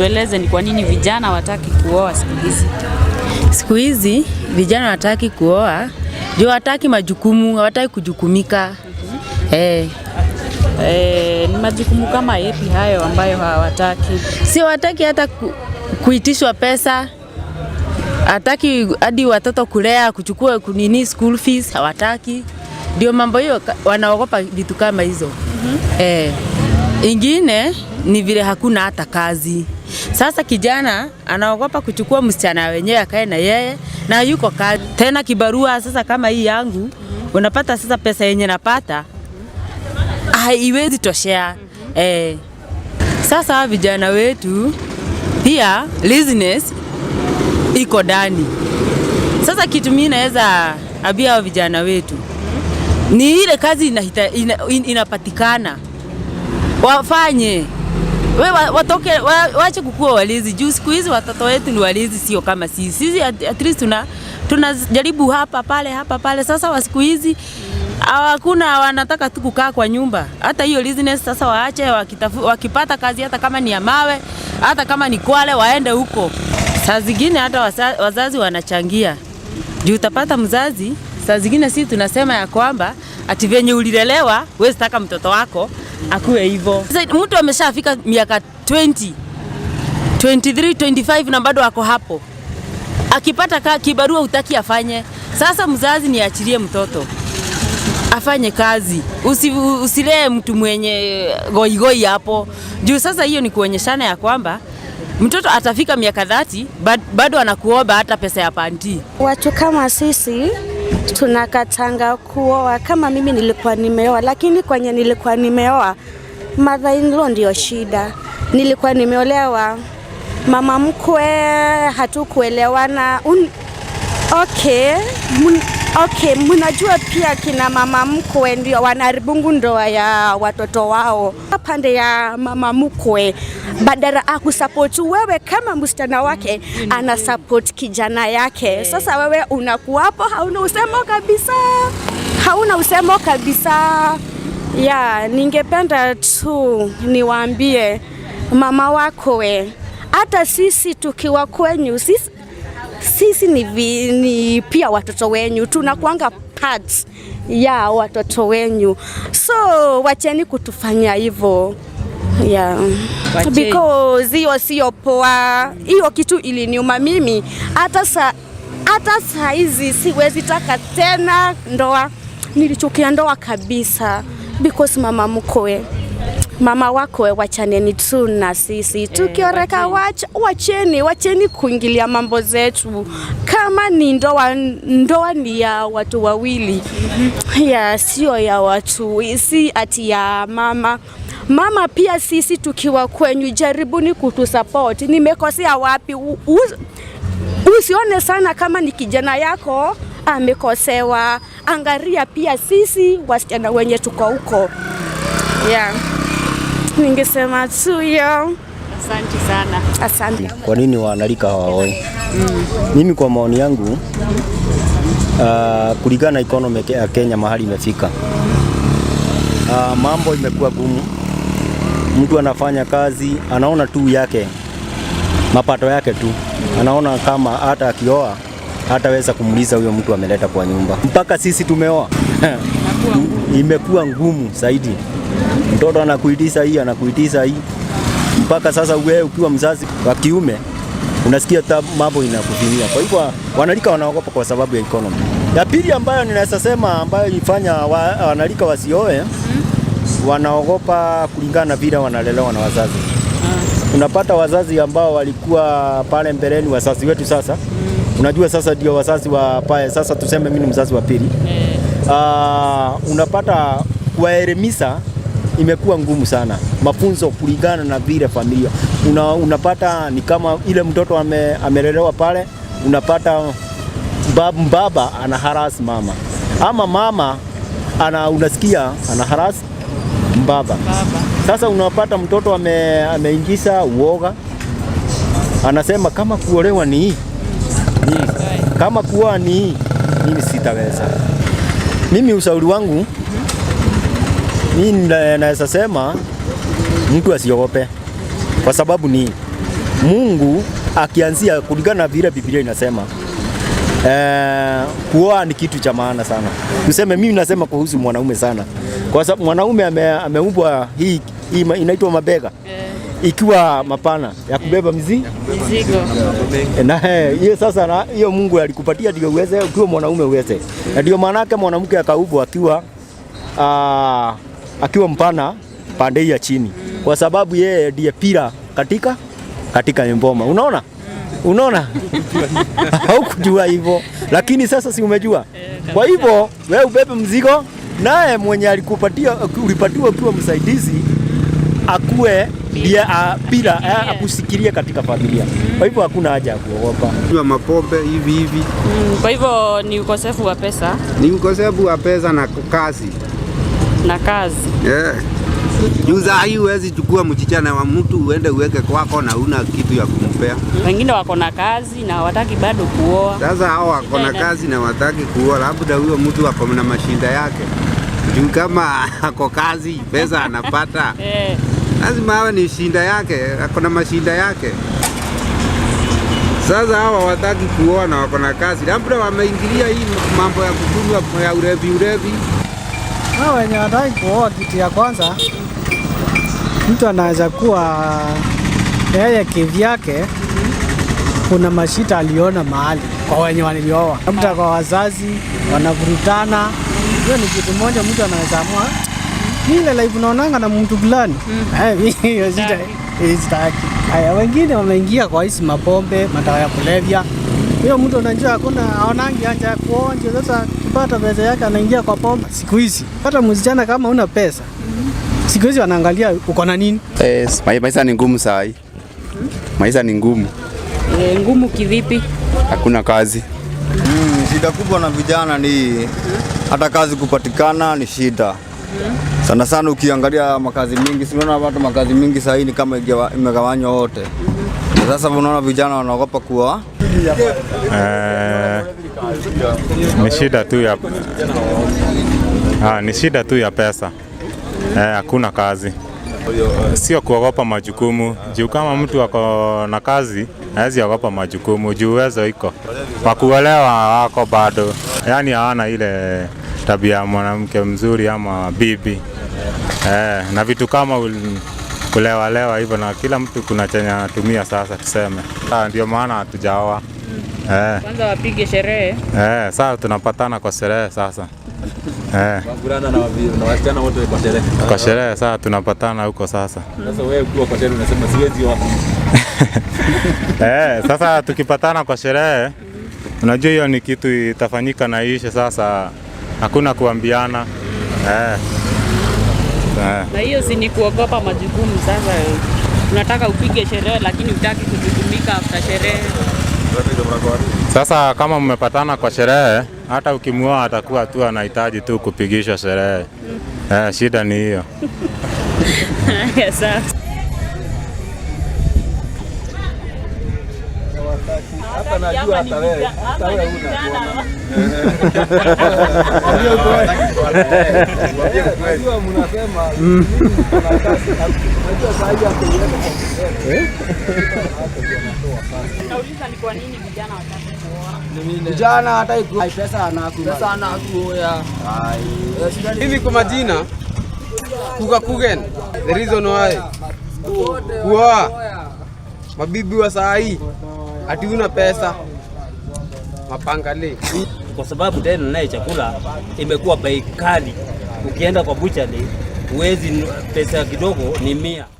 Tueleze ni kwa nini vijana wataki kuoa siku hizi? Siku hizi vijana wataki kuoa juu wataki majukumu, hawataki kujukumika. mm -hmm. Eh. Eh, ni majukumu kama yapi hayo ambayo hawataki? Si wataki hata ku, kuitishwa pesa, hataki hadi watoto kulea, kuchukua kunini school fees, hawataki. Ndio mambo hiyo, wanaogopa vitu kama hizo. mm -hmm. Eh. Ingine ni vile hakuna hata kazi sasa kijana anaogopa kuchukua msichana wenyewe akae na yeye na yuko kazi tena kibarua. Sasa kama hii yangu unapata sasa pesa yenye napata haiwezi toshea mhm. eh. Sasa vijana wetu pia business iko ndani. Sasa kitu mimi naweza abia wa vijana wetu ni ile kazi inahita, ina, in, inapatikana wafanye we watoke waache kukua walizi juu siku hizi watoto wetu ni walizi sio kama sisi. Sisi at least tuna tunajaribu hapa pale hapa pale. Sasa wa siku hizi hakuna wanataka tu kukaa kwa nyumba. Hata hiyo business sasa waache, wakipata kazi hata kama ni ya mawe, hata kama ni Kwale, waende huko. Saa zingine hata wazazi wanachangia juu utapata mzazi saa zingine, si tunasema ya kwamba ati venye ulilelewa, wewe sitaka mtoto wako akuwe hivyo. Sasa mtu ameshafika miaka 20 23 25 na bado ako hapo, akipata ka kibarua utaki afanye. Sasa mzazi niachilie mtoto afanye kazi, usilee mtu mwenye goigoi hapo juu. Sasa hiyo ni kuonyeshana ya kwamba mtoto atafika miaka dhati bado anakuomba hata pesa ya panti. Watu kama sisi tunakatanga kuoa. Kama mimi nilikuwa nimeoa, lakini kwenye nilikuwa nimeoa mother in law ndio shida. Nilikuwa nimeolewa mama mkwe, hatukuelewana un... okay. Mun... okay, mnajua pia kina mama mkwe ndio wanaribungu ndoa ya watoto wao. Pande ya mama mkwe badala akusapoti wewe kama msichana wake, mm-hmm. support kijana yake. Sasa wewe unakuwapo, hauna usemo kabisa, hauna usemo kabisa. Ya, ningependa tu niwaambie mama wako we, hata sisi tukiwa kwenyu sisi, sisi ni, vi, ni pia watoto wenyu tunakuanga part ya watoto wenyu, so wacheni kutufanya hivyo. yeah. Because hiyo sio poa, hiyo kitu iliniuma mimi hata sa hata saa hizi siwezi taka tena ndoa. Nilichukia ndoa kabisa because mama mkoe mama wakoe, wachaneni tu na sisi eh, tukioreka, e, wacheni. Wacheni, wacheni kuingilia mambo zetu. Kama ni ndoa, ndoa ni ya watu wawili, mm -hmm. ya sio ya watu si ati ya mama Mama pia sisi tukiwa kwenyu, jaribuni kutusupport. Nimekosea wapi? Usione sana kama ni kijana yako amekosewa, angaria pia sisi wasichana wenye tuko huko. Yeah, ningesema tu hiyo. Asante sana. Asante. Kwa nini wanalika hawaoe? Mm. Mimi kwa maoni yangu uh, kulingana na economy ya Kenya mahali imefika, uh, mambo imekuwa gumu mtu anafanya kazi anaona tu yake mapato yake tu, anaona kama hata akioa hataweza kumuliza huyo mtu ameleta kwa nyumba. Mpaka sisi tumeoa imekuwa ngumu zaidi. Mtoto anakuitisa hii anakuitisa hii, mpaka sasa wewe ukiwa mzazi wa kiume unasikia mambo inakufinia. Kwa hivyo wanalika wanaogopa kwa sababu ya economy. Ya pili ambayo ninaweza sema ambayo ifanya wanalika wasioe wanaogopa kulingana na vile wanalelewa na wazazi. Ah. Unapata wazazi ambao walikuwa pale mbeleni, wazazi wetu sasa, mm. unajua sasa ndio wazazi wa pale sasa, tuseme mimi ni mzazi wa pili. Uh, unapata kuwaelimisha imekuwa ngumu sana, mafunzo kulingana na vile familia una, unapata ni kama ile mtoto ame, amelelewa pale, unapata bab, baba ana haras mama ama mama ana, unasikia ana harasi mbaba. Sasa unapata mtoto ame, ameingiza uoga, anasema kama kuolewa ni hii kama kuoa ni hii, mimi sitaweza. Mimi ushauri wangu mimi naweza sema mtu asiogope, kwa sababu ni Mungu akianzia kulingana na vile Biblia inasema Uh, eh, kuoa ni kitu cha maana sana. Tuseme mimi nasema kuhusu mwanaume sana, kwa sababu mwanaume ameumbwa hii, hii inaitwa mabega eh. ikiwa mapana ya kubeba mizigo eh, na hiyo sasa, hiyo Mungu alikupatia ndio uweze ukiwa mwanaume uweze, na ndio yake mwanamke akaubwa akiwa ah, akiwa mpana pande hii ya chini, kwa sababu yeye ndiye pira katika katika nyemboma, unaona. Unaona haukujua hivyo, lakini sasa si umejua. Kwa hivyo wewe ubebe mzigo, naye mwenye alikupatia ulipatiwa ukiwa msaidizi akuwe bila akusikirie katika familia. Kwa hivyo hakuna haja ya kuogopa kwa mapombe hivi hivi. Mm, kwa hivyo ni ukosefu wa pesa, ni ukosefu wa pesa na kazi na kazi, yeah. Juu saa hii huwezi chukua mchichana wa mtu uende uweke kwako na una kitu ya kumpea. Wengine wako na kazi na wataki bado kuoa. Sasa hao wako na kazi na wataki kuoa, labda huyo mtu ako na mashinda yake juu kama ako kazi pesa anapata eh. lazima awe ni shinda yake, ako na mashinda yake. Sasa hawa wataki kuoa na wako na kazi, labda wameingilia hii mambo ya kukunywa ya ulevi ulevi. Hawa wenye wataki kuoa kitu ya kwanza mtu anaweza kuwa yeye kivyake, kuna mashita aliona mahali kwa wenye walioa, labda kwa wazazi wanavurutana. Hiyo ni kitu moja, mtu anaweza amua ile life naonanga na mtu fulani mm. eh, sitaki. Haya, wengine wameingia kwa hizi mapombe, madawa ya kulevya. Hiyo mtu anajua hakuna aonangi anja ya kuonja. Sasa kupata pesa yake anaingia kwa pombe siku hizi. Hata msichana kama una pesa siku hizi wanaangalia uko na nini. Yes, eh, maisha ni ngumu saa hii, maisha ni ngumu. E, ngumu kivipi? Hakuna kazi. Mm, shida kubwa na vijana ni hata kazi kupatikana ni shida sana sana. Ukiangalia makazi mingi, si unaona watu makazi mingi saa hii ni kama imegawanywa wote. Sasa unaona vijana wanaogopa kuwa eh, ni shida tu ya ah, ni shida tu ya pesa Eh, hakuna eh, kazi. Sio kuogopa majukumu juu, kama mtu ako na kazi hawezi ogopa majukumu juu uwezo iko, wakuelewa wako bado, yaani hawana ile tabia ya mwanamke mzuri ama bibi eh, na vitu kama kulewalewa hivyo, na kila mtu kuna chenye anatumia. Sasa tuseme ah, ndio maana hatujaoa. Eh. Kwanza wapige sherehe. Eh, sasa tunapatana kwa sherehe sasa. Eh. Wavulana na na wasichana wote kwa sherehe. Kwa sherehe sasa tunapatana huko sasa. Sasa wewe ukiwa kwa sherehe unasema siwezi wapi? Eh, sasa tukipatana kwa sherehe unajua hiyo ni kitu itafanyika na ishe sasa, hakuna kuambiana eh. Eh. Na hiyo si ni kuogopa majukumu sasa. Unataka upige sherehe lakini utaki kujukumika after sherehe. Sasa kama mmepatana kwa sherehe, hata ukimwoa atakuwa tu anahitaji tu kupigisha sherehe. Eh, shida ni hiyo. Vijana Hivi kwa majina kukakugen, the reason why kuoa mabibi wa saa hii ati una pesa mapangali kwa sababu tena naye chakula imekuwa bei kali. Ukienda kwa buchali huwezi, pesa kidogo ni mia.